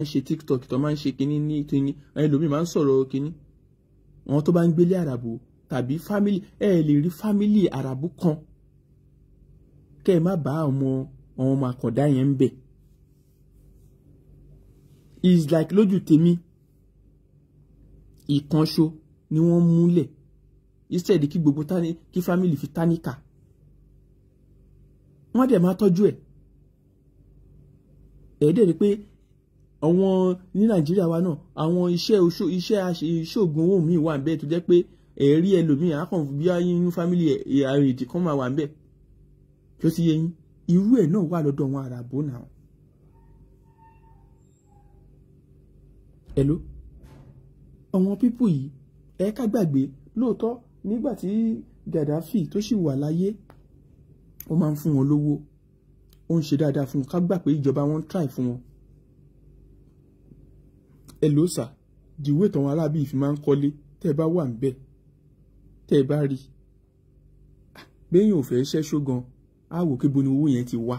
ń ṣe tiktok tó máa ń ṣe kinní ní kinní àwọn ẹlòmíì máa ń sọ̀rọ̀ kinní wọn tó bá ń gbélé àràbò tàbí family ẹ lè rí family àràbò kan kẹ́ ẹ má bá ọmọ àwọn ọmọ àkàndá yẹn ń bẹ̀ is like lójú tèmi ìkanṣo ni wọ́n múlẹ̀ instead kí gbogbo tani kí family fi táníkà wọ́n dẹ̀ máa tọ́jú ẹ̀ ẹ̀ dẹ̀ rí pé àwọn ní nàìjíríà wa náà àwọn iṣẹ́ iṣẹ́ ìṣògùn owó mi wà bẹ́ẹ̀ tó jẹ́ pé ẹ̀rí ẹlòmíì àkàn bí ayínú fámìlì àrèdì kan máa wà bẹ́ẹ̀ tó ti yẹ yín irú ẹ̀ náà wà lọ́dọ̀ àwọn àràbò náà. ẹ̀ló àwọn pípù yìí ẹ ká gbàgbé lóòótọ́ nígbà tí Gaddafi tó sì wà láyé ó máa ń fún wọn lówó ó ń ṣe dáadáa fún wọn ká gbà pé ìjọba wọn ń try fún wọn ẹ ló sà the way tàwọn aráàbí yìí fi máa ń kọ́lé tẹ́ ẹ bá wà ń bẹ̀ tẹ́ ẹ bá rí i ah, béèyàn ò fẹ́ ṣẹ́ṣó gan á wò kí bo ni owó yẹn ti wá.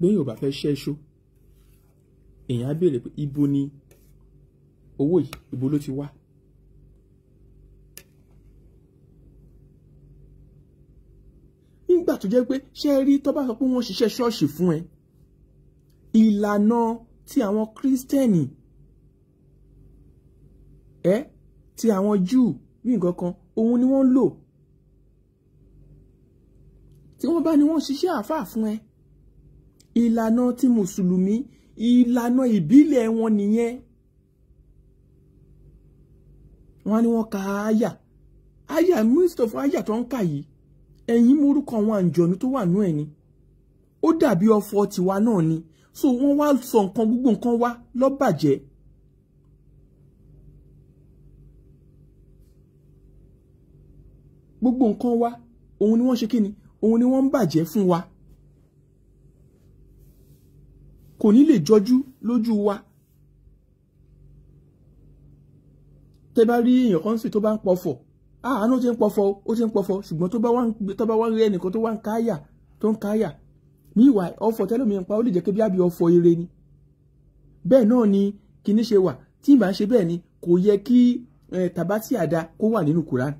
béèyàn ò bá fẹ́ ṣẹ́ṣó èèyàn á béèrè pé ibo ni owó yìí ibo ló ti wá. tó jẹ́ pé ṣé ẹ rí tó bá sọ pé wọ́n ṣiṣẹ́ ṣọ́ọ̀ṣì fún ẹ ìlànà ti àwọn kírísítẹ́nì ẹ ti àwọn júù bí nǹkan kan òun ni wọ́n lò tí wọ́n bá ní wọ́n ṣiṣẹ́ àáfàá fún ẹ ìlànà ti mùsùlùmí ìlànà ìbílẹ̀ wọn nìyẹn wọ́n ní wọ́n ka àyà àyà most of àyà tó ń kà yìí ẹ̀yin morúkọ àwọn àǹjọ̀nú tó wà nú ẹ̀ ni ó dàbí ọfọ tiwa náà ni so wọ́n wá sọ nǹkan gbogbo nǹkan wá ló bàjẹ́ gbogbo nǹkan wa òun ni wọ́n ṣe kíni òun ni wọ́n ń bàjẹ́ fún wa kò ní lè jọjú lójú wa tẹ bá rí èèyàn kan sì tó bá ń pọfọ̀ Ah, àánú ti ń pọfọ ó ti ń pọfọ ṣùgbọ́n tó bá wá rí ẹnìkan tó wá ń káyà tó ń káyà níwà ọ̀fọ̀ tẹ́lómi ń pa ó lè jẹ́ pé bí àbí ọ̀fọ̀ eré ni bẹ́ẹ̀ náà ni kinní ṣe wà tí ìbá ń ṣe bẹ́ẹ̀ ni kò yẹ kí tàbátì àdá kó wà nínú Quran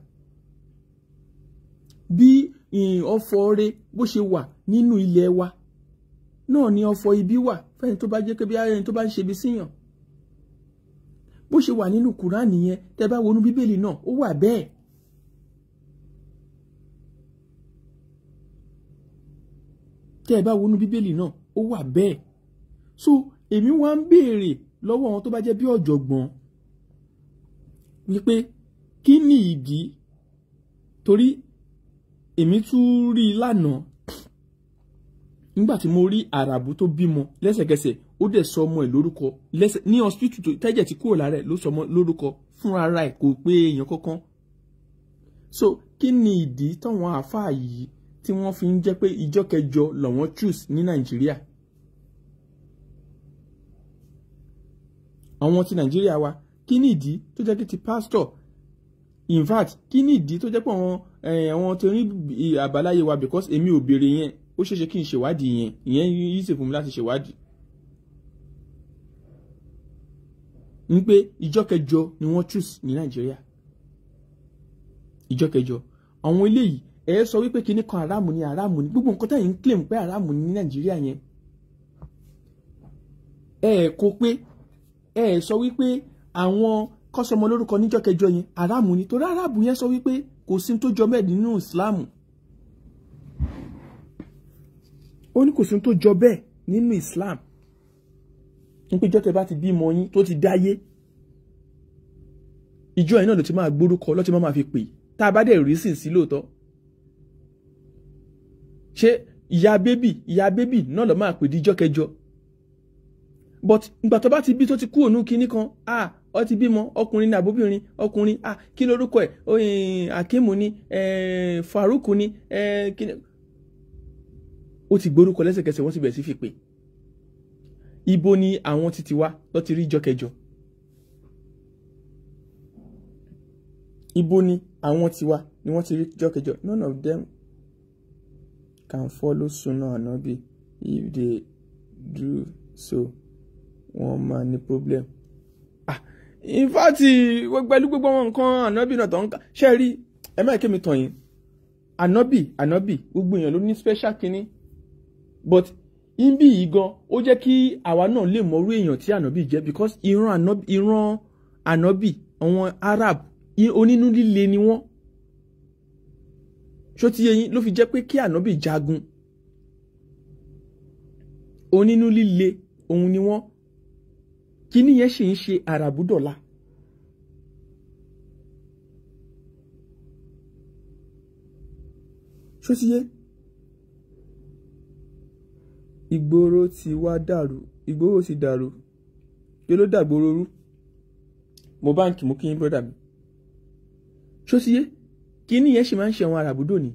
bí ọ̀fọ̀ rẹ bó ṣe wà nínú ilẹ̀ wa náà ni ọ̀fọ̀ ibi wà fẹ́ni tó bá jẹ́ pé bí ẹni tó bá ń ṣe ibi síyàn bó ṣe wà nínú Quran nìyẹn tẹ́ bá wọnú Bíbélì náà ó wà bẹ́ẹ̀ tẹ́ ẹ bá wọnú bíbélì náà ó wà bẹ́ẹ̀ so èmi wá ń béèrè lọ́wọ́ àwọn tó bá jẹ́ bí ọ̀jọ̀gbọ́n wípé kí ni ìdí torí èmi tún rí i lánàá nígbà tí mo rí àràbù tó bímọ lẹ́sẹ̀kẹsẹ̀ ó dẹ̀ sọ ọmọ ẹ̀ lórúkọ lẹ́sẹ̀ ní hospital tẹ́jẹ̀ tí kúrò lára ẹ̀ ló sọ ọmọ lórúkọ fún ara ẹ̀ kò pé èèyàn kankan so kí ni ìdí táwọn àáfàá yìí tí wọ́n fi ń jẹ́ pé ìjọ kẹjọ lọ́wọ́n choose ní nàìjíríà àwọn ti nàìjíríà wa kí ni ìdí tó jẹ́ pé ti pásítọ̀ in fact kí ni ìdí tó jẹ́ pé àwọn àwọn tó rí àbáláyé wa because èmi ò béèrè yẹn ó ṣeéṣe kí n ṣèwádìí yẹn ìyẹn yìí sì fún mi láti ṣèwádìí. ní pé ìjọ kẹjọ ni wọ́n choose ní nàìjíríà ìjọ kẹjọ àwọn eléyìí ẹ sọ wípé kinní kan aráàmù ni aráàmù ni gbogbo nǹkan tẹ̀yìn ń claim pé aráàmù ni ní nàìjíríà yẹn ẹ kó pé ẹ sọ wípé àwọn kọ́sọmọ lórúkọ níjọ́ kẹjọ yẹn aráàmù ni torí aráàmù yẹn sọ wípé kò sí tó jọ bẹ́ẹ̀ nínú ìsìláàmù ó ní kò sí tó jọ bẹ́ẹ̀ nínú ìsìláàmù nípa ìjọ́ tẹ́ bá ti bímọ yín tó ti dáyé ìjọ yẹn náà ló ti máa gbórúkọ ló máa fi pè tá a bá dẹ̀ rí sìn sí lóòótọ́ ṣé ìyá bébì ìyá bébì náà ló máa pè di kẹjọ but ìgbà tó bá ti bí tó ti kú ònú kinní kan ah ọ ti bímọ ọkùnrin ní àbóbìnrin ọkùnrin ah kí lorúkọ ẹ oyin Akimu ni Faruk ni kíni ó ti gborúkọ lẹ́sẹ̀kẹsẹ̀ wọ́n ti bẹ̀rẹ̀ sí fi pè ibo ni àwọn títí wá lọ ti rí jọkẹjọ ibo ni àwọn tiwa ni wọ́n ti rí jọkẹjọ none of them can follow Sunnah Nabi if they do so wọ́n máa ní problem. ah in fact pẹ̀lú gbogbo àwọn nǹkan Ànábì náà tó ń kà ṣe rí ẹ má kémi tàn yín Ànábì Ànábì gbogbo èèyàn ló ní special kinní but ibi yìí gan ó jẹ́ kí àwa náà lè mọ orú èèyàn tí Ànábì jẹ́ because ìran Ànábì ìran Ànábì àwọn Arab onínú líle ni wọ́n ṣó ti yé yín ló fi jẹ́ pé kí ànábì jagun onínú líle òun ni wọ́n kíní yẹn ṣì ń ṣe àràbùdọ̀la. ṣó ti yé ìgboro ti wá dàrú ìgboro ti dàrú kí ló dàgbòrò rú mo báǹkì mú kí yín bọ́dà mi ṣó ti yé kíní yẹn sì máa ń ṣe àwọn àràbùdò ni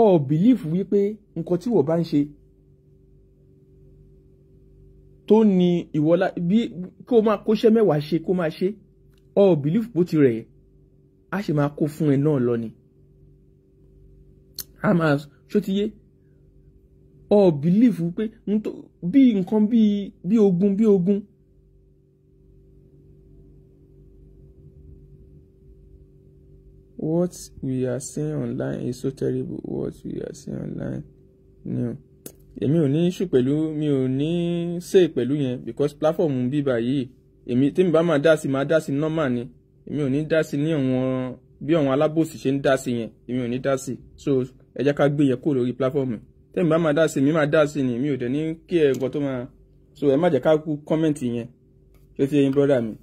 ọ bìlífù wípé nǹkan tí wọ́n bá ń ṣe tó ní ìwọlá bí kó máa kóṣẹ́ mẹ́wàá ṣe kó máa ṣe ọ bìlífù bó ti rẹ̀ á sì máa kó fún ẹ náà lọ ni a máa ṣótiyé ọ bìlífù pé bí nǹkan bí ogún bí ogún what we are seeing online is so terrible what we are seeing online new. No èmi ò ní ṣù pẹ̀lú mi ò ní ṣe pẹ̀lú yẹn because platform ń bíbà yìí èmi tèmi bá máa dá sí máa dá sí normal ni èmi ò ní dá sí ní àwọn bí àwọn alábòsí ṣe ń dá sí yẹn èmi ò ní dá sí so ẹ jẹ́ ká gbé yẹn kúrò lórí platform tèmi bá máa dá sí mi máa dá sí ni mi ò dẹ̀ ní kí ẹ nǹkan tó máa so ẹ má jẹ́ ká kú comment yẹn ṣé ti ẹyin brother mi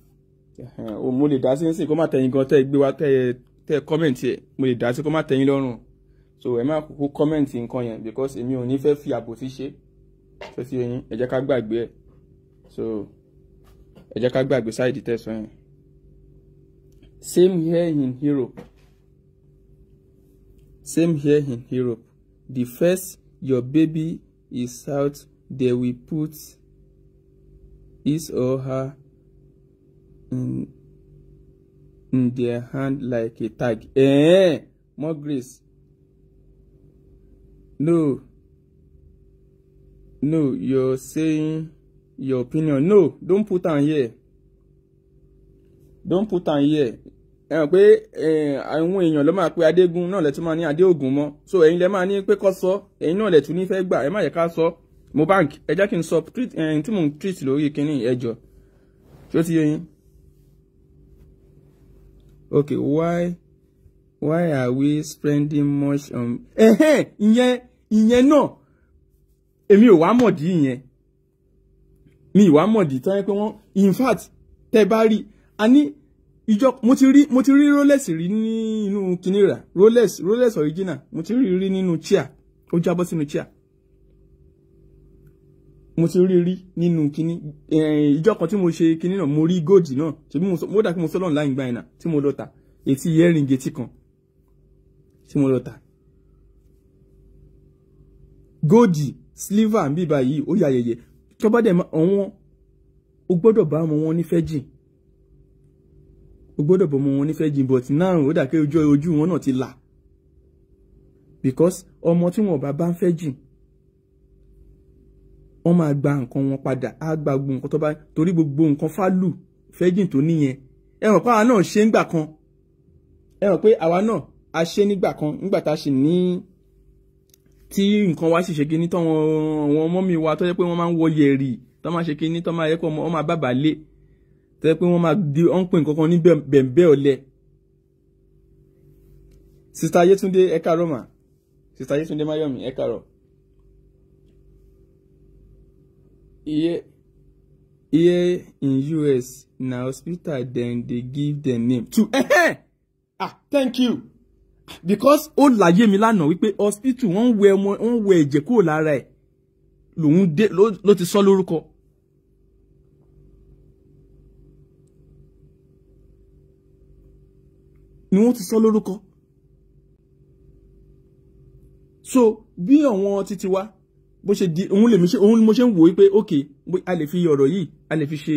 o mo lè dá sí nísìnyí kó má tẹ̀yìn gan tẹ́ ẹ gbé wa tẹ́ ẹ tẹ́ kọ́mẹ̀ntì ẹ̀ mo lè dá sí kó má tẹ́yìn lọ́rùn so ẹ má kúkú kọ́mẹ̀ntì nǹkan yẹn because èmi ò ní fẹ́ fi àbòsí ṣe ṣe sí eyín ẹ jẹ́ ká gbàgbé ẹ̀ so ẹ jẹ́ ká gbàgbé sáìdì tẹ̀sán yẹn same here in Europe same here in Europe the first your baby is out they will put his or her in in their hand like a tag. Eh, more grace. No. No, you're saying your opinion. No, don't put on here. Don't put on here. ẹ hàn pé eh, àwọn èèyàn ló máa pe adégún náà lẹ́tún máa ní adéògùn mọ́ so ẹ̀yin lẹ́ máa ní pé kọ́ sọ ẹ̀yin náà lẹ́tún ní fẹ́ gbà ẹ má yẹ ká sọ bank. ẹ jẹ́ kí n sọ eh, tí mò ń treat lórí kínní ẹjọ́ tí ó ti yẹ okay why why are we spending much on. ẹhẹ́n ìyẹn ìyẹn náà èmi ò wá mọ̀dí ìyẹn mi ìwà mọ̀dí tán yẹ pé wọ́n in fact tẹ́ bá rí a ní ìjọ mo ti rí mo ti rí rolex rí nínú kinira rolex rolex original mo ti rí rí nínú chair ó jábọ́ sínú chair mo ti rí rí nínú kinní ìjọ kan tí mo ṣe kinní náà mo rí góòdì náà ṣe bí mo dà kí mo sọ́lọ́n láì gbà ẹ̀nà tí mo lọ tà etí yẹ́rìn gétí kan tí mo lọ tà góòdì sliver ń bí báyìí ó yà yẹyẹ tó bá dẹ̀ ọ̀wọ́n o gbọ́dọ̀ bá ọmọ wọn nífẹ̀ẹ́ jìn o gbọ́dọ̀ bá ọmọ wọn nífẹ̀ẹ́ jìn but now ó dà pé ojú wọn náà ti là because ọmọ tí wọn bá bá ń fẹ́ jìn wọ́n máa gba nǹkan wọn padà á gba gbogbo nǹkan tó bá torí gbogbo nǹkan fálù fẹ́jìn tó níyẹn ẹ mọ̀ pé àwa náà ṣe nígbà kan ẹ mọ̀ pé àwa náà a ṣe nígbà kan nígbà tá a ṣì ní tí nǹkan wa sì ṣe kíní tán àwọn ọmọ mi wa tó yẹ pé wọ́n máa ń wọ yẹ̀rì tó máa ṣe kíní tó máa yẹ kó wọ́n máa bàbà lé tó yẹ pé wọ́n máa di ọ́n pè nǹkan kan ní bẹ̀m̀bẹ̀ ọ̀lẹ. sista Yétúndé ẹ sista Yétúndé Máyọ̀mí ẹ here here in us na hospital dem dey give dem name to eh ah thank you because ó láyé mi lánàá wípé hospital wọ́n ń wẹ ọmọ wọ́n ń wẹ ẹ̀jẹ̀ kúrò lára ẹ̀ lòun dé ló ti sọ lórúkọ. ni wọ́n ti sọ lórúkọ. so bí àwọn títí wa bó ṣe di òun lèmi ṣe òun mo ṣe ń wò ó pé ok a lè fi ọ̀rọ̀ yìí a lè fi ṣe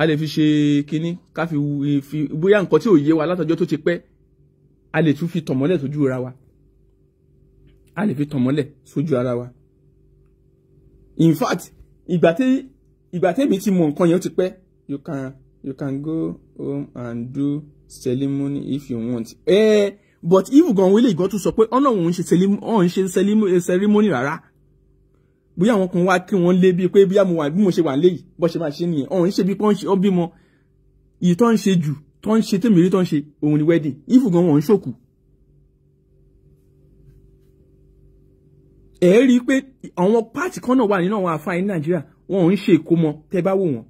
a lè fi ṣe kinní ká fi fi bóyá nǹkan tí ò yé wa látọjọ́ tó ti pẹ́ a lè tún fi tọ̀mọ́lẹ̀ sójú ara wa a lè fi tọ̀mọ́lẹ̀ sójú ara wa in fact ìgbà tí ìgbà tẹ́mi ti mọ nǹkan yẹn ó ti pẹ́ you can you can go home and do ceremony if you want. Eh, but even gan wele ìgàn tún sọ pé ọ̀nà òun ṣe eh, ceremony rárá bóyá àwọn kan wá kí wọ́n lé bíi pé bóyá mo wà bí mo ṣe wà léyìí bó ṣe máa ṣe nìyẹn ọ̀hún ṣe bí wọ́n bímọ ìyí tó ń ṣe jù tó ń ṣe tèmi rí tó ń ṣe òun ni wedding even gan wọn ń ṣòkù. ẹ rí i pé àwọn páàtì kan náà wà nínú àwọn àfáà ní Nàìjíríà wọn ò ń ṣe ìkómọ tẹ bá wò wọn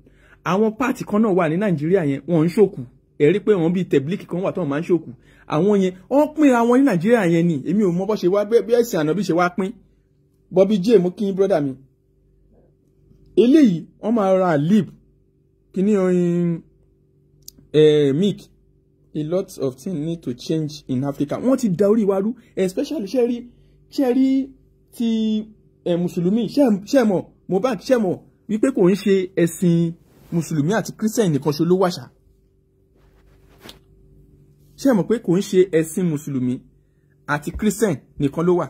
àwọn páàtì kan náà wà ní Nigeria, yẹn wọn ń ṣòkù ẹ̀rí pé wọ́n bíi tẹ̀blíkì kan wà tó máa ń ṣòkù àwọn yẹn wọ́n pínra wọn ní nàìjíríà yẹn ni èmi ò mọ bó ṣe wá bí ẹ̀sìn ànábì ṣe wá pín Bobby J mú kí brọ́dà mi eléyìí wọ́n máa ra lip kíní oyin eh, milk a lot of things need to change in Africa wọ́n ti da orí wa especially ṣe rí ṣe rí ti eh, mùsùlùmí ṣe mọ̀ Mohbad ṣe mọ̀ wípé kò ń ṣe ẹ̀sìn mùsùlùmí àti kírísítẹ̀nì nìkan ṣo ló wàṣà ṣé ẹ mọ̀ pé kò ń ṣe ẹ̀sìn mùsùlùmí àti christian nìkan ló wà.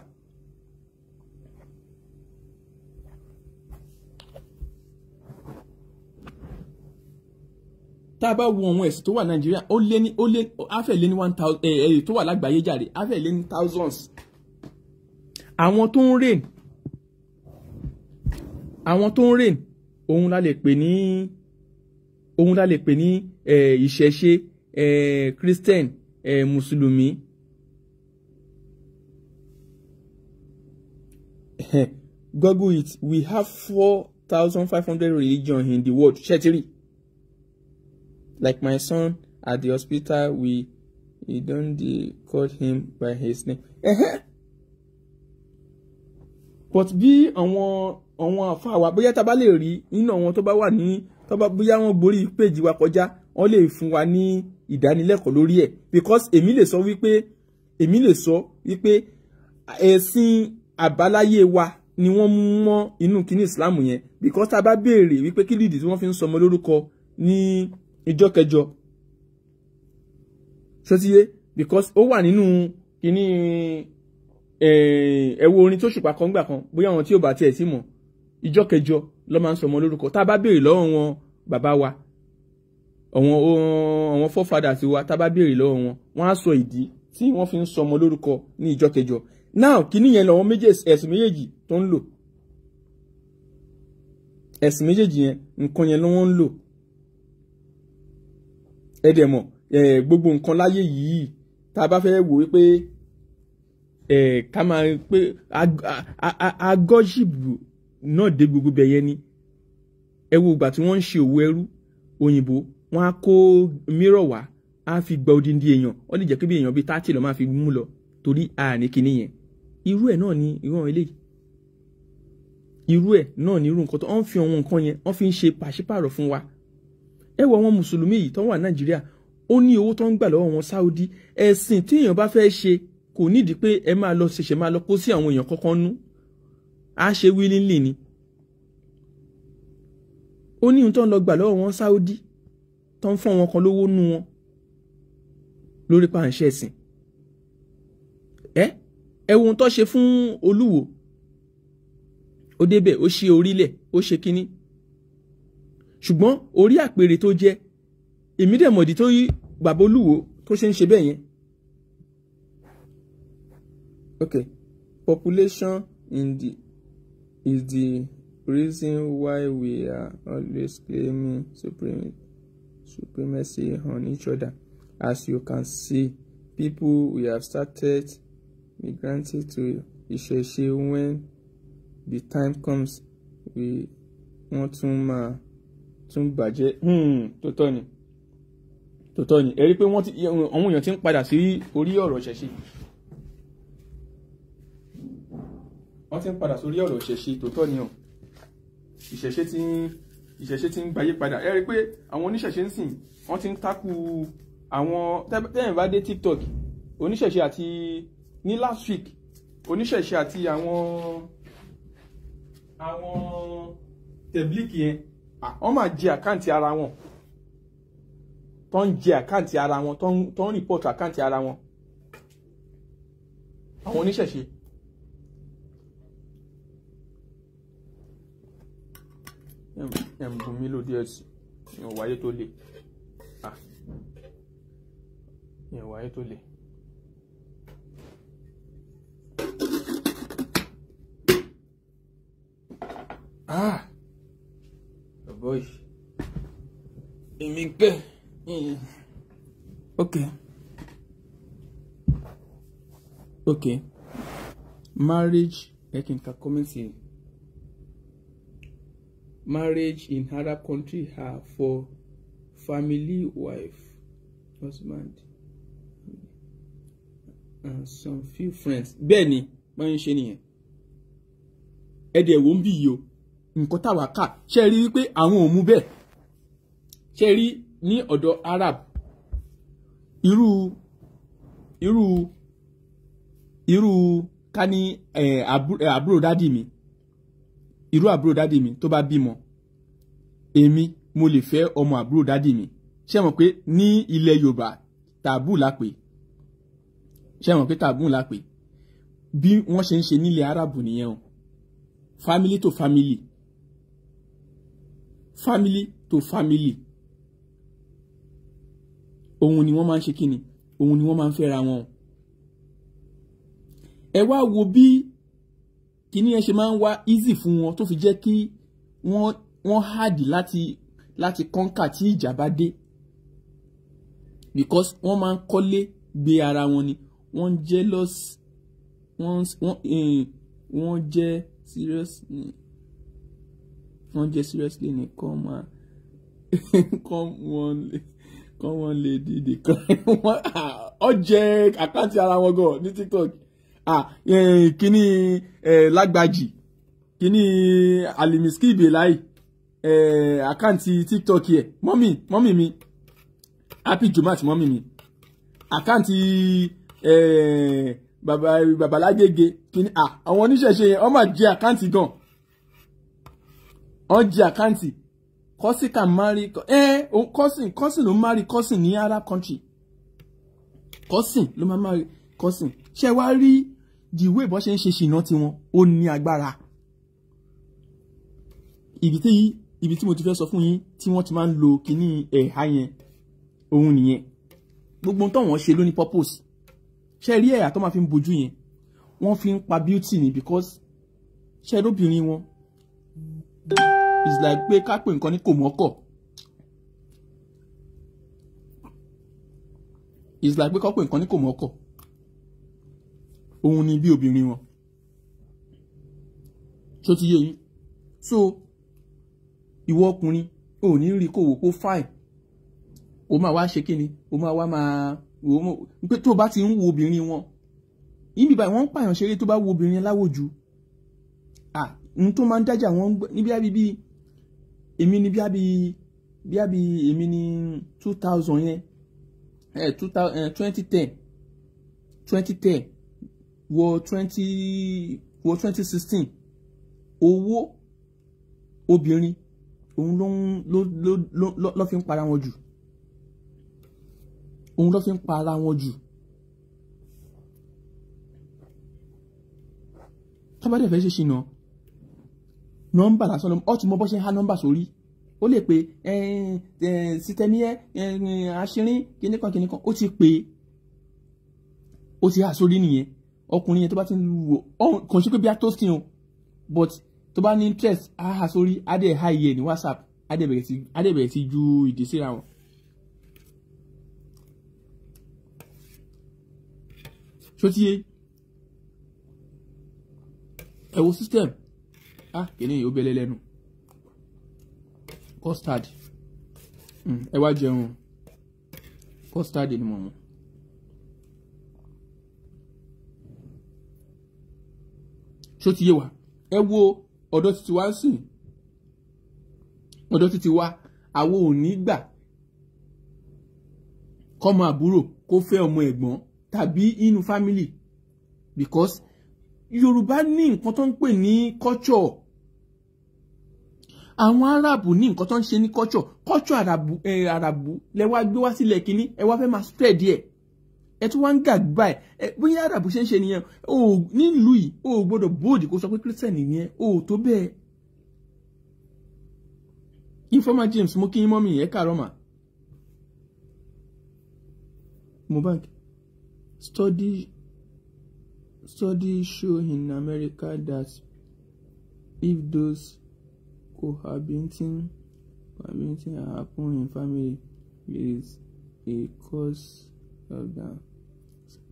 tá a bá wo àwọn ẹ̀sìn tó wà nàìjíríà ó lé ní ó lé afẹ́ lé ní one thousand ẹ̀ẹ́dì tó wà lágbàáyé jàre afẹ́ lé ní thousands. àwọn tó ń rèn àwọn tó ń rèn ohun la lè pè ní ohun la lè pè ní ìṣẹ̀ṣe christian eh, mùsùlùmí google it we have four thousand five hundred religion in the world ṣẹ́tìrì like my son at the hospital we we don dey call him by his name. but bí àwọn àwọn àfa wa bóyá tá a bá lè rí nínú àwọn tó bá wà ní tó bá bóyá wọ́n borí péjì wa kọjá wọ́n lè fún wa ní ìdánilẹ́kọ̀ọ́ lórí ẹ̀ because èmi lè sọ wípé èmi lè sọ wípé ẹ̀sìn àbáláyé wa ni wọ́n mú mọ́ inú kíní Islam yẹn because tá a bá béèrè wípé kí lìdí tí wọ́n fi ń sọmọ lórúkọ ní ìjọ kẹjọ ṣọtíye because ó wà nínú kíní eh, ẹ̀wọ̀ orin tó ṣùpá kan gbà kan bóyá àwọn tí ò bá tiẹ̀ sí mọ̀ ìjọ kẹjọ ló máa ń sọmọ lórúkọ tá a bá béèrè lọ́wọ́ wọn bàbá wa àwọn àwọn forefathers tiwa tá a bá béèrè lọ́wọ́ wọn wọ́n á sọ ìdí tí wọ́n fi ń sọ ọmọ lórúkọ ní ìjọ kẹjọ now kíní yẹn lọ́wọ́ ẹ̀sìn méjèèjì tó ń lò ẹ̀sìn méjèèjì yẹn nǹkan yẹn lọ́wọ́ ń lò ẹ dẹ̀ mọ̀ gbogbo nǹkan láyé yìí tá a bá fẹ́ wò wípé ká máa pé agọ́ṣìbù náà dé gbogbo bẹ̀yẹ ni ẹ wo ìgbà tí wọ́n ń ṣe òwò ẹrú òyìnbó wọ́n á kó mírọ̀ wá á fi gba odindi èèyàn ó lè jẹ́ pé bí èèyàn bíi tátì lọ máa fi mú lọ torí àní kìíní yẹn irú ẹ̀ náà ni irú àwọn eléyìí irú ẹ̀ náà ni irú nǹkan tó ń fi àwọn nǹkan yẹn wọ́n fi ń ṣe pàṣípààrọ̀ fún wa ẹ wo àwọn mùsùlùmí yìí tó wà nàìjíríà ó ní owó tó ń gbà lọ́wọ́ wọn sáúdí ẹ̀sìn tí èèyàn bá fẹ́ ṣe kò nídìí pé ẹ máa lọ ṣẹ̀ṣẹ̀ máa lọ kó sí àwọn èèyàn kọ́kọ́ nú á ṣe wílíńlì ni ó ní ohun tó ń lọ gbà lọ́wọ́ wọn sáúdí tó ń fún àwọn kan lówó nú wọn lórí pàǹṣẹ ẹ̀sìn ẹ ẹ wo ohun tó ṣe fún olúwo ó débẹ̀ ó ṣe orílẹ̀ ó ṣe kínní ṣùgbọ́n orí àpèrè tó jẹ èmi dẹ̀ mọ̀dí tó yí bàbá olúwo tó ṣe ń ṣe bẹ́ẹ̀ yẹn okay population in the is the reason why we are always claiming supremacy supremacy on each other. As you can see, people we have started migrating to Ìṣẹ̀ṣe when the time comes we wọ́n tún máa tún bàjẹ́ hmm, tótọ́ ni tótọ́ ni ẹ rí i pé wọ́n ti àwọn èèyàn ti ń padà sí orí ọ̀rọ̀ Ìṣẹ̀ṣe wọ́n ti ń padà sórí ọ̀rọ̀ Ìṣẹ̀ṣe tótọ́ ni o Ìṣẹ̀ṣe ti ń ìṣẹ̀ṣe ti ń gbayé padà ẹ rí i pé àwọn oníṣẹ̀ṣe ń sìn wọ́n ti ń takú àwọn tẹ́yìn bá dé tiktok oníṣẹ̀ṣe àti ní last week oníṣẹ̀ṣe àti àwọn àwọn tẹ̀blíkì yẹn wọ́n máa jẹ àkáǹtì ara wọn tó ń jẹ àkáǹtì ara wọn tó ń rìpọ́tù àkáǹtì ara wọn àwọn oníṣẹ̀ṣe ẹ̀ ń bu mí lò díẹ̀ sí ìyẹn wáyé tó le ìyẹn wáyé tó le. Ah, ọ̀bọ̀ yìí èmi pé ok ok marriage ẹ kí n ka comment yìí. marriage in Arab country are for family wife, husband, and some few friends. Bẹ́ẹ̀ ni, bá ń ṣe nìyẹn. Ẹ dẹ̀ wo ń cheri yìí o, nǹkan táwa kà, ṣe rí Arab, iru iru irú ká ní àbúrò mi. irú àbúrò dádì mi tó bá bímọ èmi mo lè fẹ́ ọmọ àbúrò dádì mi ṣé mọ̀ pé ní ilẹ̀ Yorùbá tàbú la pè ṣé mọ̀ pé tàbú la pè bí wọ́n ṣe ń ṣe nílẹ̀ Arabu nìyẹn o family to family family to family òun ni wọ́n máa ń ṣe kíni òun ni wọ́n máa ń fẹ́ra wọn ẹ wá wo bí kíní yẹn ṣe máa ń wá easy fún wọn tó fi jẹ́ kí wọ́n wọ́n hard láti láti kọ́ńkà tí ìjà bá dé because wọ́n máa ń kọ́lé gbé ara wọn ni wọ́n ń jealous wọ́n eh, wọ́n jẹ́ serious wọ́n jẹ́ seriously ni kọ́ máa come wọn lè kọ́ wọn lè dìde kan wọ́n ah, jẹ́ àkáǹtì ara wọn gan ní TikTok kíní lágbájì Kini alimiski ibelai àkáǹtì tiktok yẹ mọ́mì mọ́mì mi happy jumat mọ́mì mi àkáǹtì babalágége kíní àwọn oníṣẹ̀ṣe yẹn wọ́n máa jẹ àkáǹtì gan wọ́n jẹ àkáǹtì kọ́sì kan mari ẹ òun kọ́sìn kọ́sìn ló mari kọ́sìn ní arab country kọ́sìn ló máa mari kọ́sìn ṣé wá rí ìwé ìbọn ṣe ń ṣe ṣìnà tiwọn ó ní agbára ibi tí ibi tí mo ti fẹ́ sọ fún yín tí wọ́n ti máa ń lo kínní ẹ̀ha yẹn òun nìyẹn gbogbo ohun táwọn ṣe ló ní purpose ṣe rí ẹ̀yà tó máa fi ń bojú yẹn wọ́n fi ń pa beauty ni because ṣe lóbìnrin wọn is like pé ká pè nǹkan ní kò mọ́kọ̀ is like pé ká pè nǹkan ní kò mọ́kọ̀ òun ni bí obìnrin wọn tó ti yé yín so ìwọ ọkùnrin ò ní rí kó wò kó fáì o máa wá ṣe kíni o máa wá máa wò ó pé tó bá ti ń wo obìnrin wọn níbi báyìí wọ́n ń pààyàn ṣeré tó bá wo obìnrin láwòjú à ń tó máa ń dájà wọ́n níbi àbí bíi èmi ni bí àbí bí àbí èmi ni two thousand yẹn two thousand twenty ten twenty ten wọ twenty wọ twenty sixteen owó obìnrin òun ló ló ló ló fi ń para wọn jù òun ló fi ń para wọn jù tó bá dẹ̀ fẹ́ ṣe ṣìnà nọ́mbà lásán lọ́mọ ọtí mo bọ́ ṣe ń há nọ́mbà sórí ó lè pe sítẹ́mí ẹ́ àṣírín kíníkan kíníkan ó ti pè é ó ti há sórí nìyẹn ọkùnrin yẹn tó bá ti ń wò kò sí pé bí a tó skin o but tó bá ní interest á hà sórí á dẹ̀ há iye ní whatsapp á dẹ̀ bẹ̀rẹ̀ sí ju ìdí síra wọn. sotiye ẹ wo system ah kìnìún yìí ó bẹ̀lẹ̀ lẹ́nu custard hmm, ẹ wá jẹun custard ni mo mọ̀. ṣó ti yé wa ẹ wo ọ̀dọ́ títí wa ń sìn ọ̀dọ́ títí wa àwọn ò ní gbà kọ́mọ àbúrò kó fẹ́ ọmọ ẹ̀gbọ́n tàbí inú family because Yorùbá ní nǹkan tó ń pè ní culture àwọn Arab ní nǹkan tó ń ṣe ní culture culture Arabu ẹ eh, Arabu lẹ wá gbé sílẹ̀ kínní ẹ wá fẹ́ máa spread yẹ̀ ẹ tún wá ń gàgbà ẹ bóyá àràbù ṣe ń ṣe nìyẹn o nílùú yìí o gbọ́dọ̀ bóòdì kó sọ pé christian nìyẹn o tó bẹ́ẹ̀. informal James mo kí yín mọ́mí yẹn kàrọ́ mà. study study show in America that if those cohabiting cohabiting happen in family is a cause of that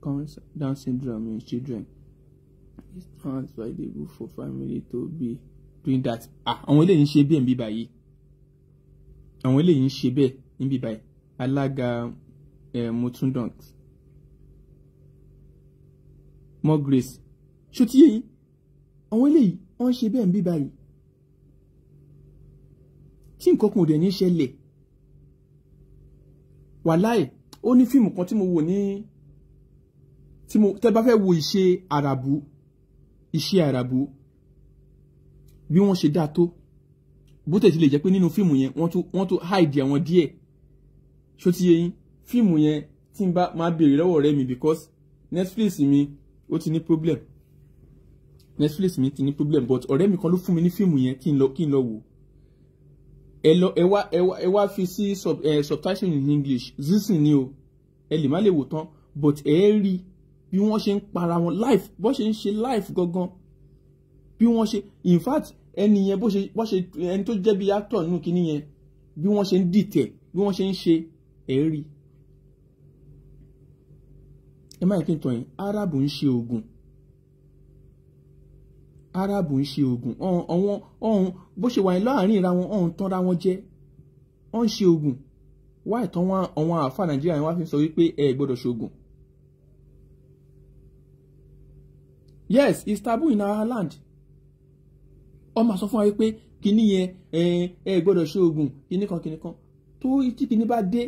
common Down syndrome in children it's not advisable for family to be doing that. Ah, àwọn eléyìí ń ṣe bẹ́ẹ̀ níbí báyìí àwọn eléyìí ń ṣe bẹ́ẹ̀ níbí báyìí alága eh, mutundant more grace ṣòtí yẹn àwọn eléyìí wọ́n ṣe bẹ́ẹ̀ níbí báyìí tí nǹkan kan ò dẹ̀ ní ṣẹlẹ̀ wàláì ó ní fíìmù kan tí mo wò ní. Ni tí mo tẹ́ bá fẹ́ wo ìṣe àràbù ìṣe àràbù bí wọ́n ṣe dáa tó bó tẹ̀ sí lè jẹ́ pé nínú fíìmù yẹn wọ́n tún wọ́n tún hide àwọn díẹ̀ ṣó ti yé yín fíìmù yẹn tí n bá máa béèrè lọ́wọ́ ọ̀rẹ́ mi because Netflix mi ó ti ní problem Netflix mi ti ní problem but ọ̀rẹ́ mi kan ló fún mi ní fíìmù yẹn kí n lọ kí n lọ wò ẹ lọ ẹ wá ẹ wá ẹ wá fi sí eh, subtitle in English zisin ni o ẹ lè má lè wò tán but ẹ rí i bí wọ́n ṣe ń para wọn life bó ṣe ń ṣe life gangan bí wọ́n ṣe in fact ẹni yẹn bó ṣe ẹni tó jẹ́ bí actor nínú kinní yẹn bí wọ́n ṣe ń dìtẹ̀ bí wọ́n ṣe ń ṣe ẹ̀rí. ẹ má kí n tọ̀ yín ń ṣe oògùn Arab ń ṣe oògùn ọ̀hún ọ̀hún bó ṣe wà ní láàrin ìra wọn ọ̀hún tán wọn jẹ́ ọ̀hún ṣe oògùn wáìtàn àwọn àfa Nàìjíríà yẹn wá fi sọ wípé ẹ gbọ́dọ̀ ṣoògùn yes it's taboo in our land ọmọ sọ fún wa pé kinní yẹn ẹ gbọ́dọ̀ ṣe oògùn kinní kan kinní kan tó tí kinní bá dé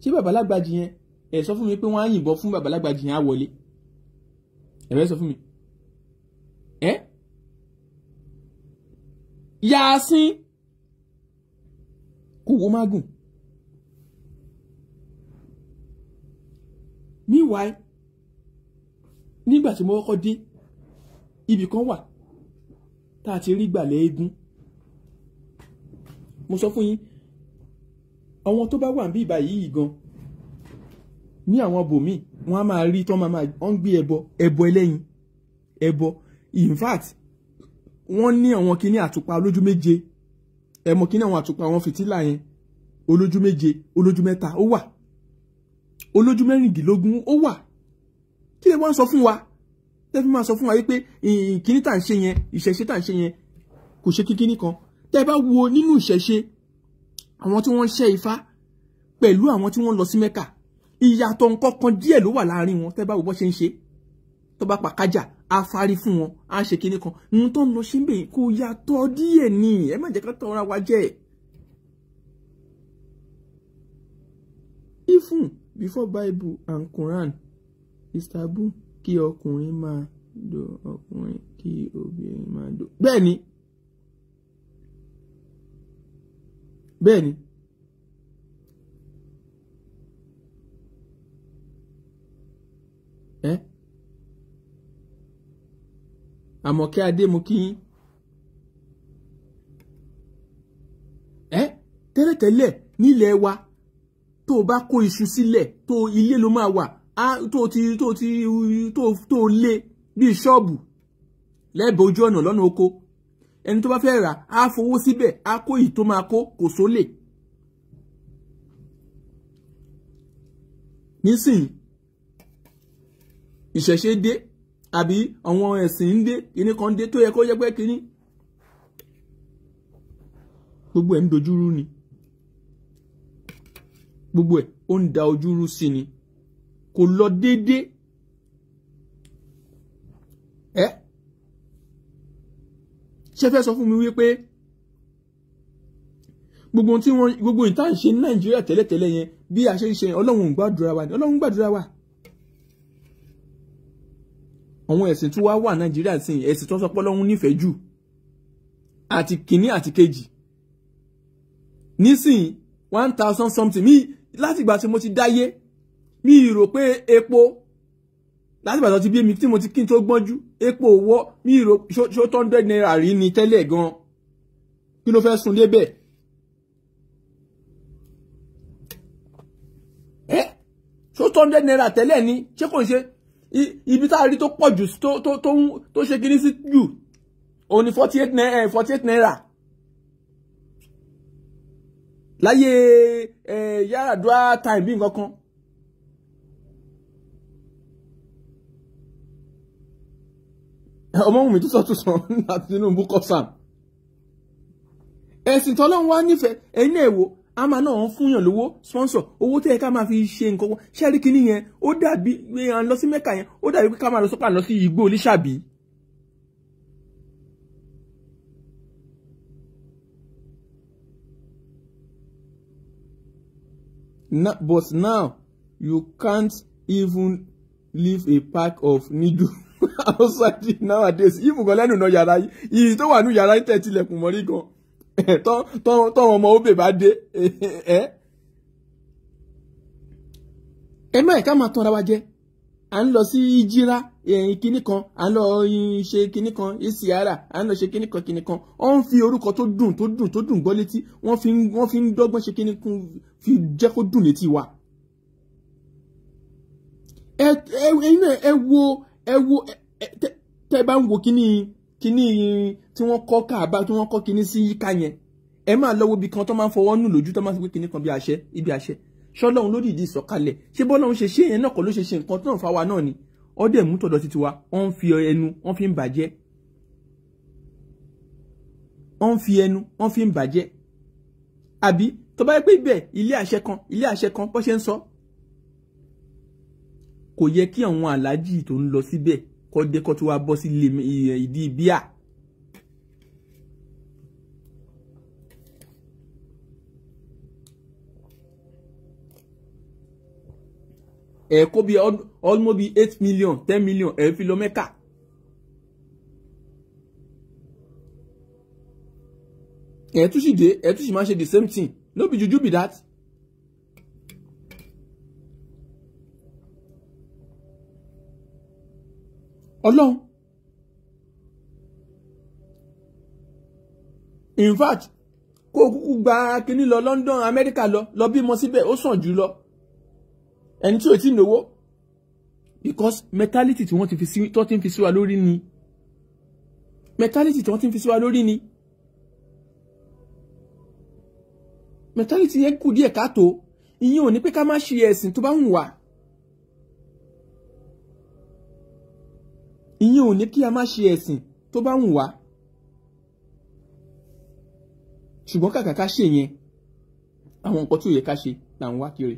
ṣé babalágbàjì yẹn ẹ sọ fún mi pé wọ́n á yìnbọn fún babalágbàjì yẹn á wọlé ẹ fẹ́ sọ fún mi ẹ yaasin kò wo má gùn meanwhile nígbà tí mo kọ́kọ́ dé ibì kan wà tá a ti rí gbàlẹ̀ eégún mo sọ fún yín àwọn tó bá wà ń bí ìbá yìí gan ní àwọn bòmí wọn á máa rí tán máa ń gbé ẹbọ ẹbọ ẹlẹ́yin ẹbọ in fact wọ́n ní àwọn kíní àtùpà olójú méje ẹ̀mọ kíní àwọn àtùpà àwọn fìtílà yẹn olójú méje olójú mẹ́ta ó wà olójú mẹ́rìndínlógún ó wà kí lè wọ́n sọ fún wa tẹ́ fi máa sọ fún wa wípé kíní tà ń ṣe yẹn ìṣẹ̀ṣe tà ń ṣe yẹn kò ṣe kíkíní kan tẹ́ bá wo nínú ìṣẹ̀ṣe àwọn tí wọ́n ṣẹ́ ifá pẹ̀lú àwọn tí wọ́n lọ sí mẹ́kà ìyàtọ̀ nǹkan kan díẹ̀ ló wà láàrin wọn tẹ́ bá wo bọ́ ṣe ń ṣe tó bá pa kájà á fárí fún wọn á ṣe kíní kan ohun tó ń lọ ṣe ń bẹ̀ kò yàtọ̀ díẹ̀ ni ẹ má jẹ́ ká tọ́ ara wa before Bible and Quran istabu kí ọkùnrin máa do ọkùnrin kí obìnrin máa do bẹ́ẹ̀ ni bẹ́ẹ̀ ni. ẹ àmọ̀kẹ́ adémukín ẹ tẹ́lẹ̀tẹ́lẹ̀ nílẹ̀ wa tó o bá kó iṣu sílẹ̀ tó ilé ló máa wà tó ti tó ti tó lé bíi ṣọ́ọ̀bù lẹ́bẹ̀ẹ́ ojú ọ̀nà lọ́nà oko ẹni tó bá fẹ́ rà á fowó síbẹ̀ á kó èyí tó máa kó kò sólè. nísìnyí ìṣẹ̀ṣe dé àbí àwọn ẹ̀sìn ń dé kíní kan dé tó yẹ kó yẹ pé kíní gbogbo ẹ̀ ń dojúrú ni gbogbo ẹ̀ ó ń da ojúrú sí ni kò lọ déédéé ẹ ṣe fẹ́ sọ fún mi wípé gbogbo tí wọ́n gbogbo ìta ń ṣe ní nàìjíríà tẹ́lẹ̀tẹ́lẹ̀ yẹn bí a ṣe ń ṣe ọlọ́run ń gbàdúrà wa ni ọlọ́run ń gbàdúrà wa àwọn ẹ̀sìn tó wá wà nàìjíríà sí ẹ̀sìn tó sọ pé nífẹ̀ẹ́ jù àti kìíní àti kejì nísìnyí one thousand something mi láti ìgbà tí mo ti dáyé mi rò pé epo láti bàtọ́ ti bí mi ti mo ti kí n tó gbọ́njú epo wọ́ mi rò ṣó tó hundred naira rí ni tele gan kí ló fẹ́ sun débẹ̀. ẹ ṣó tó hundred naira tele ni ṣé kò ń ṣe ibi tá a to tó to to to to kíní kini si òun ni forty eight naira eh, forty eight naira láyé eh, yàrá dúrà time bi nǹkan kan. Ọmọwùmí tó sọ̀tún sàn láti Tinubu kọ sàn ẹ̀sìn tọ́lọ́run wá nífẹ̀ẹ́ ẹ̀yin náà a máa náà ń fúnyàn lówó sponsor owó tẹ́ ká máa fi ṣe nǹkan wọn ṣẹ́rí kínní yẹn ó dàbí à lọ sí mẹ́kà yẹn ó dàbí ká máa lọ sọ́pà lọ sí igbó oníṣàbí. but now you can't even leave a pack of needles. outside nowadays even gan lẹ́nu náà yàrá yìí iyì tó wà ní yàrá yìí tẹ̀ tilẹ̀kùn mọ́rí gan tọ́wọ́n ọmọ ó bè bá dé ẹ́ ẹ má ẹ̀ka máa tanra wa jẹ à ń lọ sí ìjìra kinní kan à ń lọ ṣe kinní kan ìsìára à ń lọ ṣe kinní kan kinní kan ọ ń fi orúkọ tó dùn tó dùn tó dùn gbọ́ létí wọ́n fi ń dọ́gbọ́n ṣe kinní kan fi jẹ́ kó dùn létí wa. ẹ ẹ ẹ wo ẹ wo tẹ́ bá ń wo kíní kíní tí wọ́n kọ́ káàbá tí wọ́n kọ́ kíní sí yíká yẹn ẹ máa lọ́wọ́ ibi kan tó máa ń fọwọ́ nù lójú tó máa ń sọ pé kíní kan bí àṣẹ ibi àṣẹ ṣọlọ́run ló dìde ìsọ̀kalẹ̀ ṣé bọ́lọ́run ṣe ṣe yẹn náà kọ́ ló ṣe ṣe nǹkan tó ń fa wa náà ni ọdẹ mú tọ̀dọ̀ sí tiwa wọ́n ń fi ẹnu wọ́n fi ń bàjẹ́ wọ́n ń fi ẹnu wọ́n fi ń bàjẹ́ àbí tó bá yẹ pé ibẹ̀ ilé àṣẹ kan ilé àṣẹ kan bó ṣe ń sọ kò yẹ kí àwọn aláàjì tó ń lọ síbẹ̀ kọ́ dé kọ́ tó wá bọ́ sí ìdí bíà. ẹ kó bí almost bí eight million ten million ẹ fi lọ mẹ́kà. ẹ tún sì dé ẹ tún sì máa ṣe the same thing no be juju be that. ọlọ́run in fact kó o kúkú gba kínní lọ London America, lọ lọ bímọ síbẹ̀ ó sàn jù lọ ẹni tí ò tí nówó because mentality tí wọ́n ti fi sí tó ti ń fi sí wa lórí ni mentality tí wọ́n ti ń fi sí wa lórí ni mentality yẹn kù díẹ̀ káàtó ìyẹn ò ní pé ká má ṣe ẹ̀sìn tó bá ń wà ìyẹn ò ní kí a má ṣe ẹ̀sìn tó bá wù wá ṣùgbọ́n kàkà ká ṣe yẹn àwọn nǹkan tí ò yẹ ká ṣe là ń wá kiri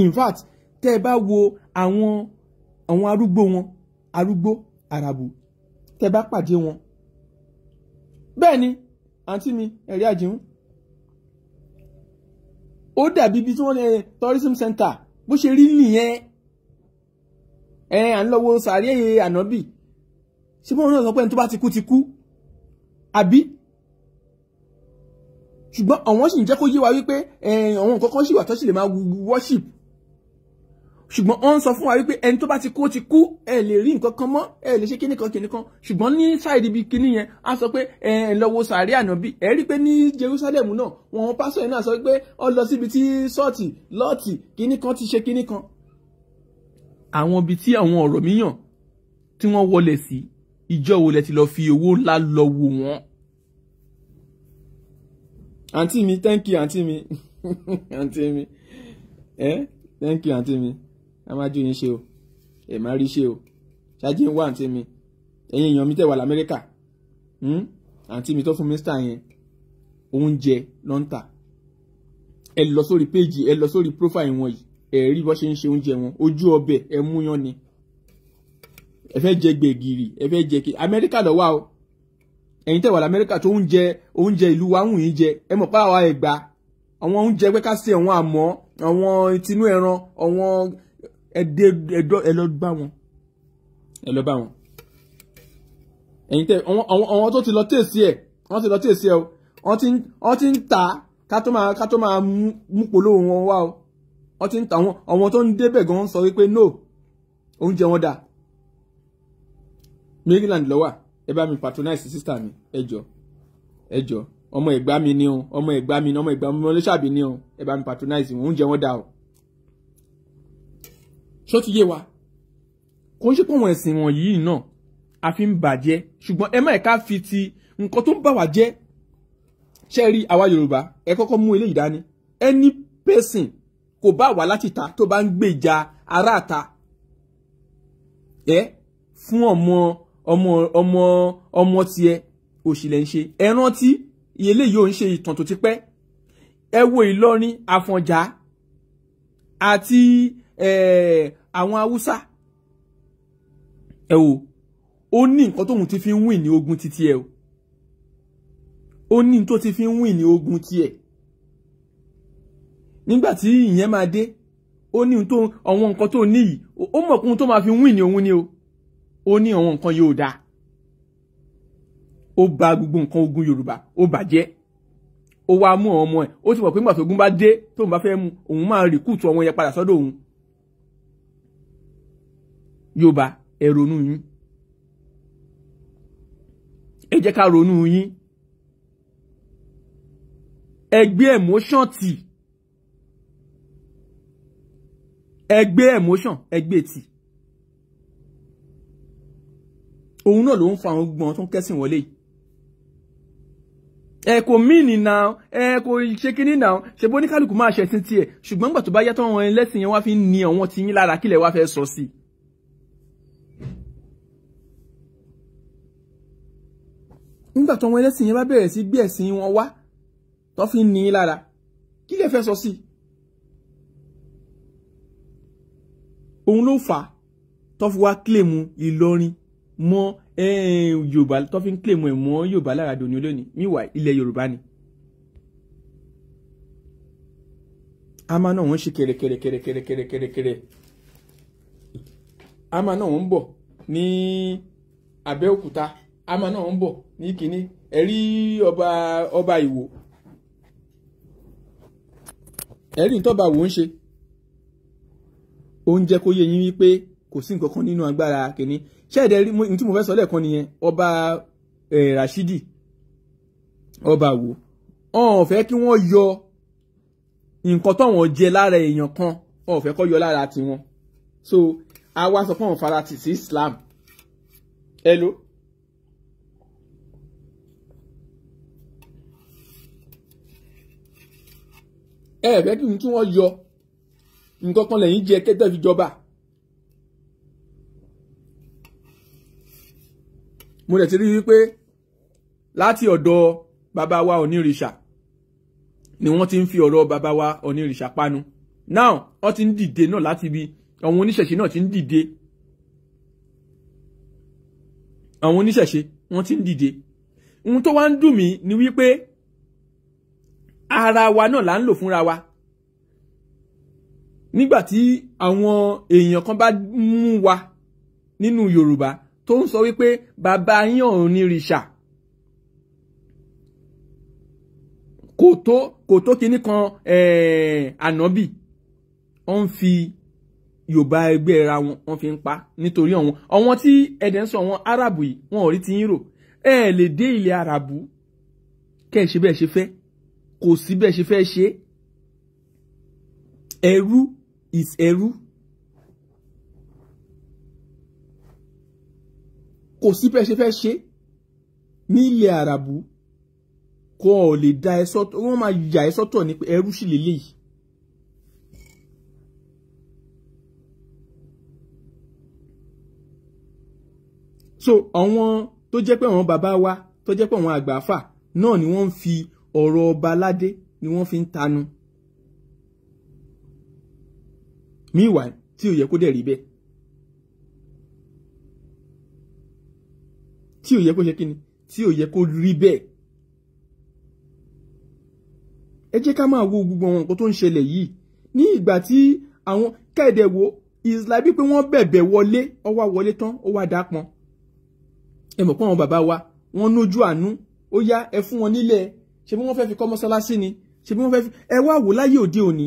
in fact tẹ́ ẹ bá wo àwọn àwọn arúgbó wọn arúgbó àràbù tẹ́ ẹ bá pàdé wọn bẹ́ẹ̀ ni àǹtí mi ẹ̀rí àjẹun ó dàbí ibi tí wọ́n ní tourism center bó ṣe rí nìyẹn ẹ à ń lọ́wọ́ sàárẹ̀ ànábì ṣé bọ́n náà sọ pé ẹni tó bá ti kú ti kú àbí ṣùgbọ́n àwọn sì ń jẹ́ kó yé wa wípé àwọn nǹkan kan sì wà tó sì lè máa worship ṣùgbọ́n wọ́n ń sọ fún wa wípé ẹni tó bá ti kú ó ti kú ẹ lè rí nǹkan kan mọ́ ẹ lè ṣe kíní kan kíní kan ṣùgbọ́n ní sáìdì ibi kíní yẹn á sọ pé ẹ lọ wo sàárè ànábì ẹ rí pé ní Jerusalem náà wọn pásọ yẹn náà sọ pé ọ lọ síbi tí sọ́ọ̀tì lọ́ọ̀tì kíní kan ti ṣe kíní kan àwọn ibi tí àwọn ọ̀rọ̀ míyàn tí wọ́n wọlé sí ìjọ wo lẹ ti lọ fi owó ńlá lọ wò wọ́n. àǹtí mi thank you àǹtí mi àǹtí mi ẹ thank you àǹtí mi a máa jó yín ṣe o ẹ máa rí ṣe o ṣáájú ń wá àǹtí mi ẹ̀yin èèyàn mi tẹ̀ wà lamẹ́ríkà hmm? àǹtí mi tó fún mínísítà yẹn oúnjẹ ló ń tà ẹ lọ sórí péjì ẹ lọ sórí prófáì wọn yìí ẹ̀rí bó ṣe ń ṣe oúnjẹ wọn ojú ọbẹ̀ ẹ mú yan ni ẹ fẹ́ jẹ gbẹ̀gìrì ẹ fẹ́ jẹ kí amẹ́ríkà lọ wá o ẹ̀yin tẹ̀wà lamẹ́ríkà tó oúnjẹ oúnjẹ ìlú wa ń wù yín jẹ ẹ mọ̀ pàwọ́ ẹ̀gbá àwọn oúnjẹ pé ká sí àwọn àmọ́ àwọn tinú ẹran àwọn ẹdẹ ẹdọ ẹ lọ bá wọn ẹ lọ bá wọn ẹ̀yin tẹ̀ àwọn tó ti lọ tèsí ẹ̀ wọ́n ti lọ tèsí ẹ̀ o wọ́n ti ń ta ká tó máa mú polówó wọn wá o wọ́n ti ń ta àwọn àwọn tó ń débẹ̀ gan sọ wípé no oúnjẹ wọn dà Maryland ló ẹ bá mi patronize sister mi ẹ jọ ẹ jọ ọmọ ẹ̀gbá mi ni o ọmọ ẹ̀gbá mi ni ọmọ ẹ̀gbá mi ni ọlọ́ṣàbí ni o ẹ bá mi patronize wọn oúnjẹ wọn dà o ṣó ti yé wa kò ń ṣe pé àwọn ẹ̀sìn wọ̀nyí náà a fi ń bàjẹ́ ṣùgbọ́n ẹ má ẹ̀ka fi ti nǹkan tó ń bà wá jẹ́ ṣẹ́ẹ̀rí àwa Yorùbá ẹ kọ́kọ́ mú eléyìí dání any person kò bá wà láti ta tó bá ń gbèjà aráàta ẹ fún ọmọ ọmọ ọmọ ọmọ tiẹ̀ òṣìlẹ̀ ń ṣe ẹ rántí ilé yìí ò ń ṣe ìtàn tó ti pẹ́ ẹ wo Ìlọrin Àfọ̀njá àti àwọn Haúsá ẹ wo ó ní nǹkan tóun ti fi ń wìn ní ogun titi ẹ ó ní nǹkan tó ti fi ń wìn ní ogun tiẹ̀ nígbà tí ìyẹn máa dé ó ní ohun tó àwọn nǹkan tó ní yìí ó mọ̀ pé ohun tó máa fi win ní òun ni o ó ní àwọn nǹkan yóò dáa ó ba gbogbo nǹkan ogun Yorùbá ó bàjẹ́ ó wá mú àwọn ọmọ ẹ̀ ó ti mọ̀ pé nígbà tógun bá dé tóun bá fẹ́ mu òun máa rìkúùtù ọmọ yẹn padà sọ́dọ̀ òun Yorùbá ẹ ronú yín ẹ jẹ́ ká ronú yín ẹ emotion tì. ẹgbẹ́ emotion ẹgbẹ́ tì òun náà ló ń fa àwọn gbọ́n tó ń kẹ́sìn wọlé yìí ẹ kò míìnì náà ẹ kò ṣe kínní náà ṣe bó oníkálukú máa ṣẹ̀sìn tiẹ̀ ṣùgbọ́n gbà tó bá yàtọ̀ àwọn ẹlẹ́sìn yẹn wá fi ń ni àwọn tí yín lára kílẹ̀ wá fẹ́ sọ sí nígbà tó àwọn ẹlẹ́sìn yẹn bá bẹ̀rẹ̀ sí gbé ẹ̀sìn wọn wá tó fi ń lára kílẹ̀ fẹ́ sọ sí òun ló fà á tó fi wá kílèmù Ìlọrin mọ́ Yorùbá tó fi ń kílèmù ẹ̀ mọ́ Yorùbá lára dòní olónìí míwà ilẹ̀ Yorùbá ni. ama náà wọ́n ṣe kẹ̀rẹ̀kẹ̀rẹ̀kẹ̀rẹ̀kẹ̀rẹ̀kẹ̀rẹ̀ ama náà wọ́n ń bọ̀ ní Abẹ́òkúta ama náà wọ́n ń bọ̀ ní kínní ẹ̀rí ọba ọba Ìwó ẹ̀rí ìtọ́ba wò ń ṣe ó ń jẹ́ kó yé yín wípé kò sí nǹkan kan nínú agbára kìíní ṣẹ́ẹ̀dẹ̀ rí ní tí mo fẹ́ sọ lẹ́ẹ̀kan nìyẹn ọba Rashidi ọba wo ọ̀n fẹ́ kí wọ́n yọ nǹkan tọ̀wọ̀n jẹ lára èèyàn kan ọ̀n fẹ́ kọ́ yọ lára tiwọn so àwa sọ fún àwọn farati sí Islam hello. ẹ fẹ́ kí n tún wọ́n yọ nǹkan kan lẹ́yìn jẹ kẹ́tẹ́ fi jọba. mo dẹ̀ ti rí wípé láti ọ̀dọ̀ bàbá wa onírìṣà ni wọ́n ti ń fi ọ̀rọ̀ bàbá wa onírìṣà panu now wọ́n ti ń dìde náà láti ibi àwọn oníṣẹ̀ṣe náà ti ń dìde àwọn oníṣẹ̀ṣe wọ́n ti ń dìde ohun tó wá ń dùn mí ni wípé ara wa náà là ń lò fúnra wa nígbàtí àwọn èèyàn kan bá mú wa nínú Yorùbá tó ń sọ wípé bàbá yín ọ̀run ní rìṣà kò tó kò tó kinní kan ànábì ó ń fi Yorùbá ẹgbẹ́ ra wọn wọ́n fi ń pa nítorí ọ̀wọ́n ọ̀wọ́n tí ẹ̀dẹ̀ ń sọ àwọn Árábù yìí wọn ò rí ti yín rò ẹ lè dé ilẹ̀ Árábù kẹ́ ẹ̀ ṣe bẹ́ẹ̀ ṣe fẹ́ kò sí bẹ́ẹ̀ ṣe fẹ́ ṣe ẹrú is ẹrú kò sí bẹ́ẹ̀ ṣe fẹ́ ṣe ní ilẹ̀ àràbù kò lè da ẹ sọ́tọ̀ wọ́n máa yà ẹ sọ́tọ̀ ní pé ẹrú sì lélẹ́yìí. so àwọn tó jẹ́ pé àwọn bàbá wa tó jẹ́ pé àwọn àgbààfà náà ni wọ́n ń fi ọ̀rọ̀ ọba aládé ni wọ́n fi ń tanu. meanwhile tí ò yẹ kó dẹ̀ rí bẹ́ẹ̀ tí ò yẹ kó ṣe kí ni tí ò yẹ kó rí bẹ́ẹ̀ ẹ jẹ́ ká máa wo gbogbo àwọn nǹkan tó ń ṣẹlẹ̀ yìí ní ìgbà tí àwọn kẹ́ẹ̀dẹ̀ wo ìsìlá bíi pé wọ́n bẹ̀bẹ̀ wọlé ọwá wọlé tán ó wá pọn ẹ mọ̀ pé àwọn bàbá wa wọ́n nójú àánú ó yá ẹ fún wọn nílẹ̀ ṣe bí wọ́n fẹ́ fi kọ́ mọ́sálásí ni ṣe bí wọ́n fẹ́ fi ẹ wá wò láyé òde òní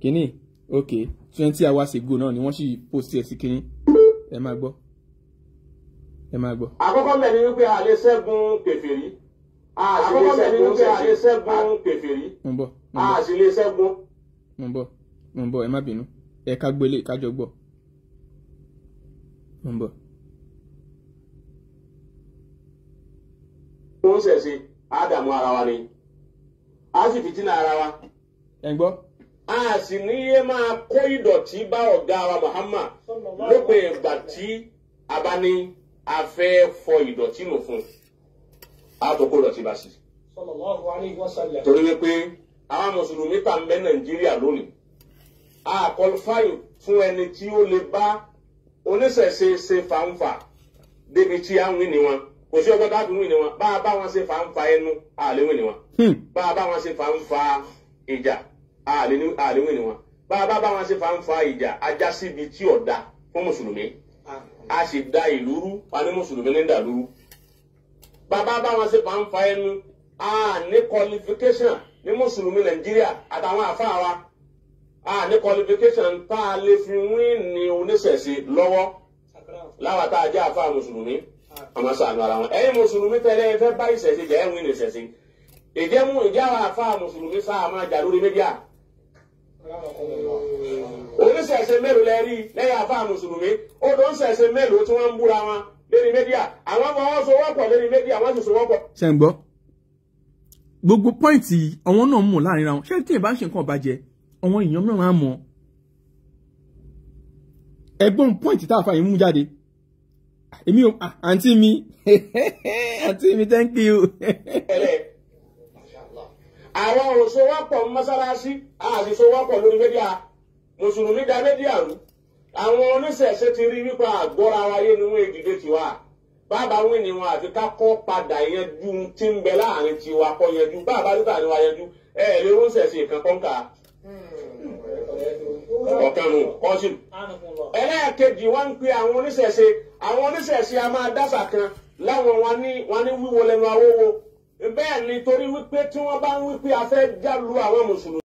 kínní ok twenty hours ago náà ni wọ́n sì post ẹ̀ sí kínní ẹ máa gbọ́ ẹ máa gbọ́. àkọ́kọ́ mẹ́rin wípé a lè ṣẹ́gun kèfèrí a sì lè ṣẹ́gun wípé a lè ṣẹ́gun kèfèrí a sì lè ṣẹ́gun. mo ń bọ̀ mo ń bọ̀ ẹ má bínú ẹ ká gbélé kájọ gbọ́ mo ń bọ̀. mo ń ṣẹ̀ṣe á dààmú ara wa ni a sì fìtínà ara wa. ẹ gbọ́ a sì ní yé máa kó ìdọ̀tí bá ọ̀gá wa Muhammad lópin ìgbà tí a bá ní a fẹ́ fọ ìdọ̀tí nù fún un a tó kó ìdọ̀tí bá sí. torí wípé àwọn mùsùlùmí tà ń bẹ Nàìjíríà lónìí a kọlifáyò fún ẹni tí ó lè bá oníṣẹ̀ṣe ṣe fàǹfà débi tí a ń wí ni wọn kò sí ọgbọ́n dábì wí ni wọn bá a bá wọn ṣe fàǹfà ẹnu a wí ni wọn hmm. bá a bá wọn ṣe fàǹfà ìjà àlewìn ni wọn bá a bá bá wọn ṣe fanfa ìjà ajá síbi tí ọ̀dà fún mùsùlùmí a sì da ìlú rú a ní mùsùlùmí ní dàlú rú bàbá bá wọn ṣe fanfa ẹnu a ní qualification ní mùsùlùmí nàìjíríà àtàwọn àfáà wa a ní qualification tá a lè fi wín ní oníṣẹ̀ṣe lọ́wọ́ láwa tá a jẹ́ àfáà mùsùlùmí àmọ́ sànù ara wọn ẹ̀yin mùsùlùmí tẹ́lẹ̀ ẹ fẹ́ bá ìṣẹ̀ṣe jẹ́ ẹ̀ wín ní ìṣẹ̀ṣe ìjẹ́mú ìjáwá àfáà mùsùlùmí sáà máa jà lórí mídíà oníṣẹ̀ṣe mélòó lẹ rí lẹ́yìn afá mùsùlùmí odò ń ṣẹ̀ṣe mélòó tí wọ́n ń búra wọn lérí mẹ́díà àwọn ọmọ wọn sowọ́pọ̀ lérí mẹ́díà wọ́n sì sowọ́pọ̀. ṣe ń gbọ́ gbogbo pọ́ìntì àwọn náà mú láàrin àwọn ṣé tí ìbá ń ṣe nǹkan ọ̀bàjẹ́ àwọn èèyàn mìíràn á mọ̀ ẹgbọ́n pọ́ìntì tá a fa ìmú jáde èmi ò àǹtí mi àǹtí mi thank you àwọn òṣòwọ́pọ̀ mọ́sálásí àti òṣòwọ́pọ̀ lórí mẹ́díà mùsùlùmí da mẹ́díà rú àwọn oníṣẹ̀ṣe ti rí nípa àgbọ́ra wáyé ni wọ́n èdìdè tiwa bàbá wí ni wọn àti kákọ́ padà yanjú tí ń bẹ láàrin tiwa kọ́ yanjú bàbá nígbà ni wàá yanjú ẹ ẹ lè wọ́n ṣẹ̀ṣe kan kọ́ńkà ọ̀kanu kọ́sìm. ẹlẹ́ẹ̀kejì wọ́n ń pe àwọn oníṣẹ̀ṣe àwọn oníṣẹ̀ṣe a máa dáṣà kan láwọn wọn ní wíwo lẹ́nu bẹ́ẹ̀ ni torí wípé tí wọ́n bá ń wípé a fẹ́ já àwọn mùsùlùmí.